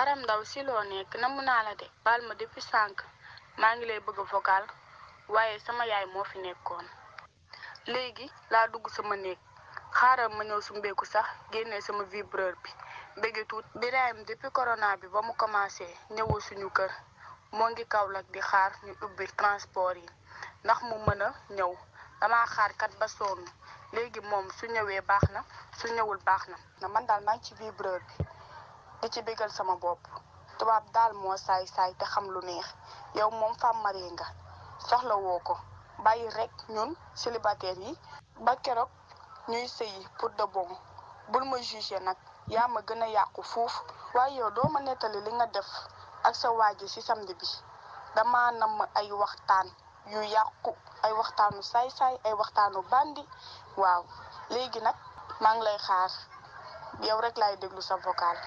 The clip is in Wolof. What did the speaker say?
aram ndaw si loo nekk namu naa la de baal ma depuis sànq maa ngi lay bëgg a vocal waaye sama yaay moo fi nekkoon léegi laa dugg sama néeg xaaral ma ñëw sumbeeku sax génnee sama vibreur bi bëgge tuut Birahim depuis corona bi ba mu commencé ñëwul suñu kër moo ngi Kaolack di xaar ñu ubbi transport yi ndax mu mën a ñëw damaa xaar ba sonn léegi moom su ñëwee baax na su ñëwul baax na na man daal maa ngi ci vibreur bi di ci bégal sama bopp tubaab daal moo saay saay te xam lu neex yow moom femme nga soxlawoo ko bàyyi rekk ñun célibataire yi ba keroog ñuy sëyi pour de bon bul ma jugé nag yaa ma gën a yàqu fuuf waaye yow doo ma nettali li nga def ak sa waaji ci samedi bi dama namm ay waxtaan yu yàqu ay waxtaanu saay-saay ay waxtaanu bandi waaw léegi nag maa ngi lay xaar yow rek laay déglu sa vocal